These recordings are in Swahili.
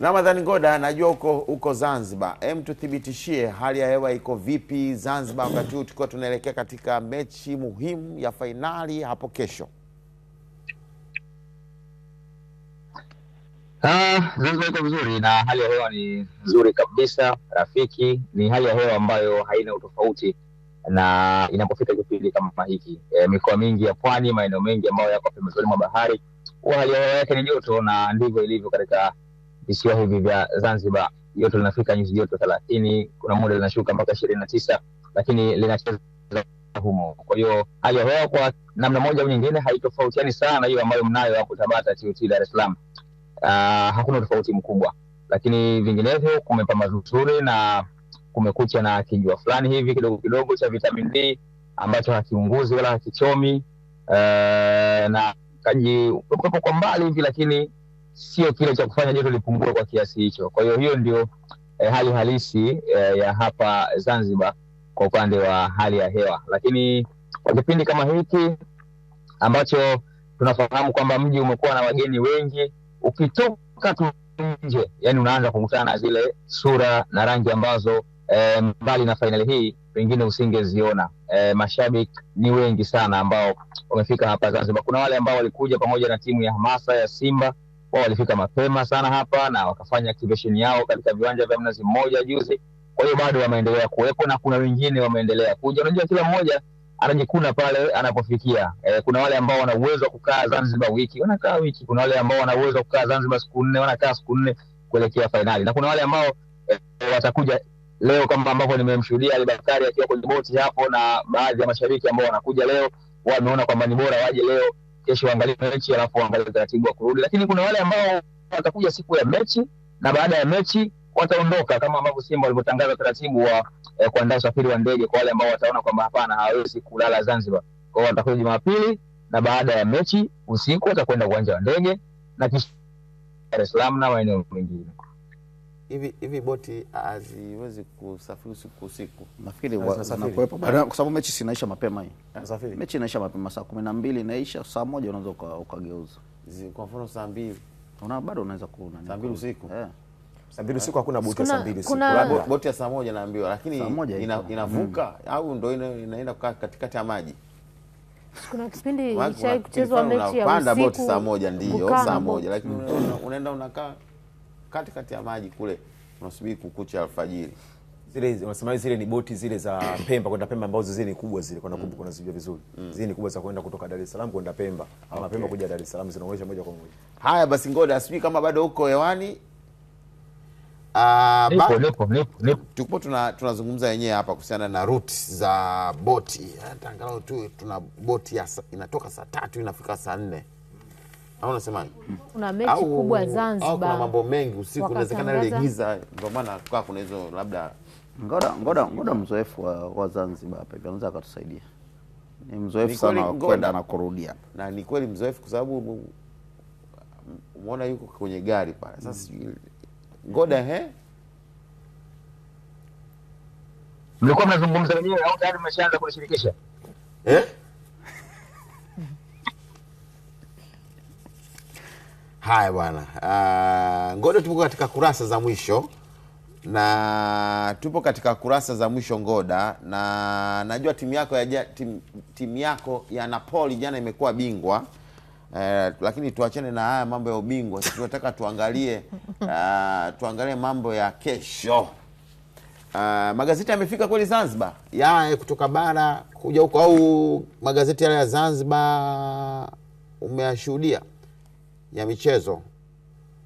Ramadhani Ngoda, najua huko huko Zanzibar, tuthibitishie hali ya hewa iko vipi Zanzibar wakati huu tukiwa tunaelekea katika mechi muhimu ya fainali hapo kesho? Ah, Zanzibar iko vizuri na hali ya hewa ni nzuri kabisa, rafiki. Ni hali ya hewa ambayo haina utofauti na inapofika kipindi kama hiki e, mikoa mingi ya pwani, maeneo mengi ambayo yako pembezoni mwa bahari, huwa hali ya hewa yake ni joto, na ndivyo ilivyo katika visiwa hivi vya Zanzibar joto linafika nyuzi joto thelathini, kuna muda linashuka mpaka ishirini na tisa, lakini linacheza humo. Kwa hiyo hali ya hewa kwa namna moja au nyingine haitofautiani sana hiyo ambayo mnayo hapo Tabata, TUT Dar es Salaam. Uh, hakuna tofauti mkubwa, lakini vinginevyo kumepamba vizuri na kumekucha na kijua fulani hivi kidogo kidogo cha vitamin D ambacho hakiunguzi wala hakichomi. Uh, na kaji kwepo kwa mbali hivi, lakini sio kile cha kufanya joto lipungue kwa kiasi hicho. Kwa hiyo hiyo ndio eh, hali halisi eh, ya hapa Zanzibar kwa upande wa hali ya hewa, lakini kwa kipindi kama hiki ambacho tunafahamu kwamba mji umekuwa na wageni wengi, ukitoka tu nje, yani unaanza kukutana na zile sura na rangi ambazo eh, mbali na fainali hii pengine usingeziona. Eh, mashabiki ni wengi sana ambao wamefika hapa Zanzibar. Kuna wale ambao walikuja pamoja na timu ya hamasa ya Simba wao walifika mapema sana hapa na wakafanya activation yao katika viwanja vya Mnazi Mmoja juzi. Kwa hiyo bado wameendelea kuwepo na kuna wengine wameendelea kuja. Unajua, kila mmoja anajikuna pale anapofikia. E, kuna wale ambao wana uwezo wa kukaa Zanzibar wiki wanakaa wiki, kuna wale ambao wana uwezo wa kukaa Zanzibar siku nne wanakaa siku nne kuelekea fainali, na kuna wale ambao e, watakuja leo kama ambavyo nimemshuhudia Ali Bakari akiwa kwenye boti hapo, na baadhi ya mashabiki ambao wanakuja leo wameona kwamba ni bora waje leo kesho waangalie mechi alafu waangalie utaratibu wa kurudi, lakini kuna wale ambao watakuja siku ya mechi na baada ya mechi wataondoka, kama ambavyo Simba walivyotangaza utaratibu wa eh, kuandaa usafiri wa ndege kwa wale ambao wataona kwamba hapana, hawawezi kulala Zanzibar. Kwa hiyo watakuja Jumapili na baada ya mechi usiku watakwenda uwanja wa ndege na kisha Dar es Salaam na maeneo mengine hivi hivi boti haziwezi kusafiri usiku usiku, nafikiri kwa sababu mechi sinaisha mapema hii yeah. mechi inaisha mapema saa kumi na mbili inaisha saa moja unaweza ukageuza kwa mfano saa mbili una bado unaweza kuona saa mbili usiku yeah. Saa mbili usiku hakuna boti saa mbili usiku, boti ya saa moja naambiwa, lakini ina, inavuka mm. au ndo inaenda kukaa katikati ya maji kuna kipindi cha kuchezwa mechi ya usiku, unapanda boti saa moja, ndio saa moja, lakini unaenda unakaa kati kati ya maji kule, unasubiri kukucha alfajiri. Zile unasema zile ni boti zile za Pemba kwenda Pemba, ambazo zile ni kubwa zile, kwa nakumbuka unazijua vizuri mm. mm. Zile ni kubwa za kwenda kutoka Dar es Salaam kwenda Pemba ama okay. Pemba kuja Dar es Salaam zinaonyesha moja kwa moja. Haya basi, ngoda sijui kama bado uko hewani. Uh, tupo tuna tunazungumza wenyewe hapa kuhusiana na route za boti, angalau tu tuna boti ya, inatoka saa tatu inafika saa nne au unasemaje? Kuna mechi au, kubwa Zanzibar. kuna mambo mengi usiku, inawezekana ile giza, ndio maana kwa kuna hizo labda ngoda ngoda ngoda, mzoefu wa, wa Zanzibar hapa hivi anaweza akatusaidia. Ni mzoefu sana kwenda na kurudia, na ni kweli mzoefu kwa sababu umeona yuko kwenye gari pale. Sasa mm. ngoda he mlikuwa mnazungumza wenyewe au tayari mmeshaanza kuwashirikisha eh? Haya bwana, uh, ah, Ngodo, tupo katika kurasa za mwisho na tupo katika kurasa za mwisho Ngoda, na najua timu yako ya, tim, timu yako ya Napoli jana imekuwa bingwa uh, lakini tuachane na haya mambo ya ubingwa. Tunataka tuangalie uh, tuangalie mambo ya kesho. Uh, magazeti yamefika kweli Zanzibar ya kutoka bara kuja huko, au magazeti yale ya Zanzibar umeyashuhudia? ya michezo?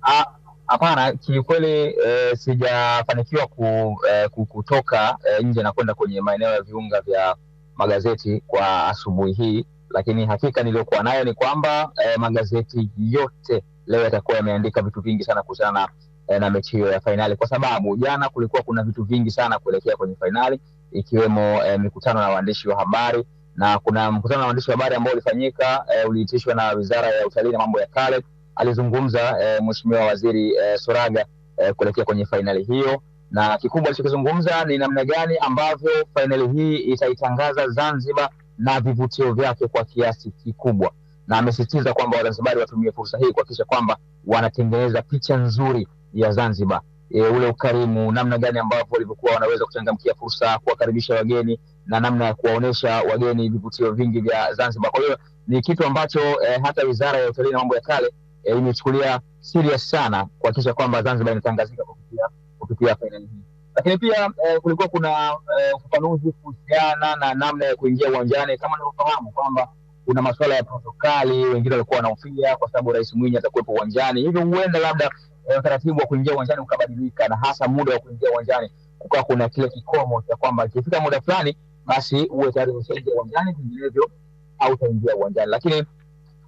Ah, hapana, kiukweli e, sijafanikiwa ku, e, kutoka e, nje na kwenda kwenye maeneo ya viunga vya magazeti kwa asubuhi hii, lakini hakika niliyokuwa nayo ni kwamba e, magazeti yote leo yatakuwa yameandika vitu vingi sana kuhusiana na na mechi hiyo ya fainali, kwa sababu jana kulikuwa kuna vitu vingi sana kuelekea kwenye fainali ikiwemo eh, mikutano na waandishi wa habari, na kuna mkutano na waandishi wa habari ambao ulifanyika eh, uliitishwa na Wizara ya Utalii na Mambo ya Kale alizungumza eh, mheshimiwa waziri eh, Soraga eh, kuelekea kwenye fainali hiyo, na kikubwa alichokizungumza ni namna gani ambavyo fainali hii itaitangaza Zanzibar na vivutio vyake kwa kiasi kikubwa, na amesisitiza kwamba Wazanzibari watumie fursa hii kuhakikisha kwamba wanatengeneza picha nzuri ya Zanzibar. E, ule ukarimu, namna gani ambavyo walivyokuwa wanaweza kuchangamkia fursa, kuwakaribisha wageni na namna ya kuwaonyesha wageni vivutio vingi vya Zanzibar. Kwa hiyo ni kitu ambacho eh, hata Wizara ya Utalii na Mambo ya Kale eh, imechukulia serious sana kuhakikisha kwamba Zanzibar inatangazika kupitia kupitia fainali hii. Lakini pia eh, kulikuwa kuna eh, ufafanuzi eh, kuhusiana na namna ya kuingia uwanjani, kama unavyofahamu kwamba kuna masuala ya protokali, wengine walikuwa wanahofia kwa sababu Rais Mwinyi atakuwepo uwanjani, hivyo huenda labda eh, utaratibu eh, wa kuingia uwanjani ukabadilika, na hasa muda wa kuingia uwanjani kukawa kuna kile kikomo cha kwamba ikifika muda fulani basi uwe tayari ushaingia uwanjani, vinginevyo hautaingia uwanjani. Lakini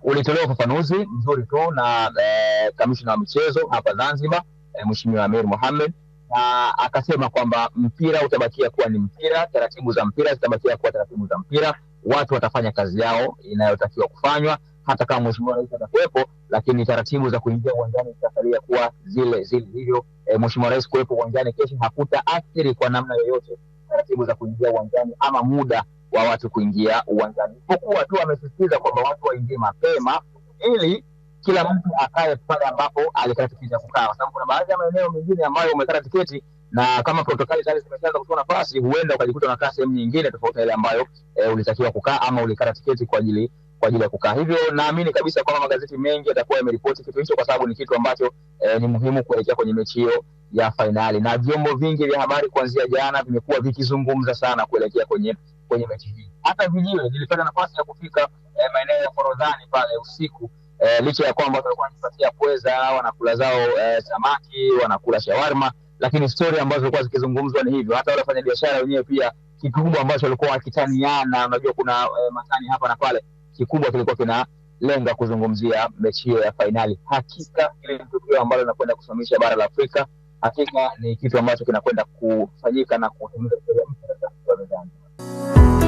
ulitolewa ufafanuzi mzuri tu na eh, kamishina wa michezo hapa Zanzibar eh, Mheshimiwa Amir Mohamed na akasema kwamba mpira utabakia kuwa ni mpira, taratibu za mpira zitabakia kuwa taratibu za mpira, watu watafanya kazi yao inayotakiwa kufanywa hata kama mheshimiwa rais atakuwepo, lakini taratibu za kuingia uwanjani zitasalia kuwa zile zile. Hivyo e, mheshimiwa rais kuwepo uwanjani kesho athiri kwa namna yoyote taratibu za kuingia uwanjani ama muda wa watu kuingia uwanjani, isipokuwa tu wamesisitiza kwamba watu waingie mapema ili kila mtu akae pale ambapo alikata tiketi ya kukaa, kwa sababu kuna baadhi ya maeneo mengine ambayo umekata tiketi na kama protokali zale zimeshaanza kutoa nafasi, huenda ukajikuta unakaa sehemu nyingine tofauti na ile ambayo e, ulitakiwa kukaa ama ulikata tiketi kwa ajili kwa ajili ya kukaa. Hivyo naamini kabisa kwamba magazeti mengi yatakuwa yameripoti kitu hicho, kwa sababu ni kitu ambacho e, ni muhimu kuelekea kwenye mechi hiyo ya fainali, na vyombo vingi vya habari kuanzia jana vimekuwa vikizungumza sana kuelekea kwenye kwenye mechi hii. Hata vijiwe vilipata nafasi ya kufika eh, maeneo ya Forodhani pale usiku eh, licha ya kwamba walikuwa wanajipatia pweza, wanakula zao eh, samaki, wanakula shawarma, lakini stori ambazo zilikuwa zikizungumzwa ni hivyo. Hata wale biashara wenyewe pia, kikubwa ambacho walikuwa wakitaniana, unajua kuna eh, matani hapa na pale, kikubwa kilikuwa kina lenga kuzungumzia mechi hiyo ya fainali. Hakika ile tukio ambalo linakwenda kusimamisha bara la Afrika, hakika ni kitu ambacho kinakwenda kufanyika na kuhimiza mezani. Thank you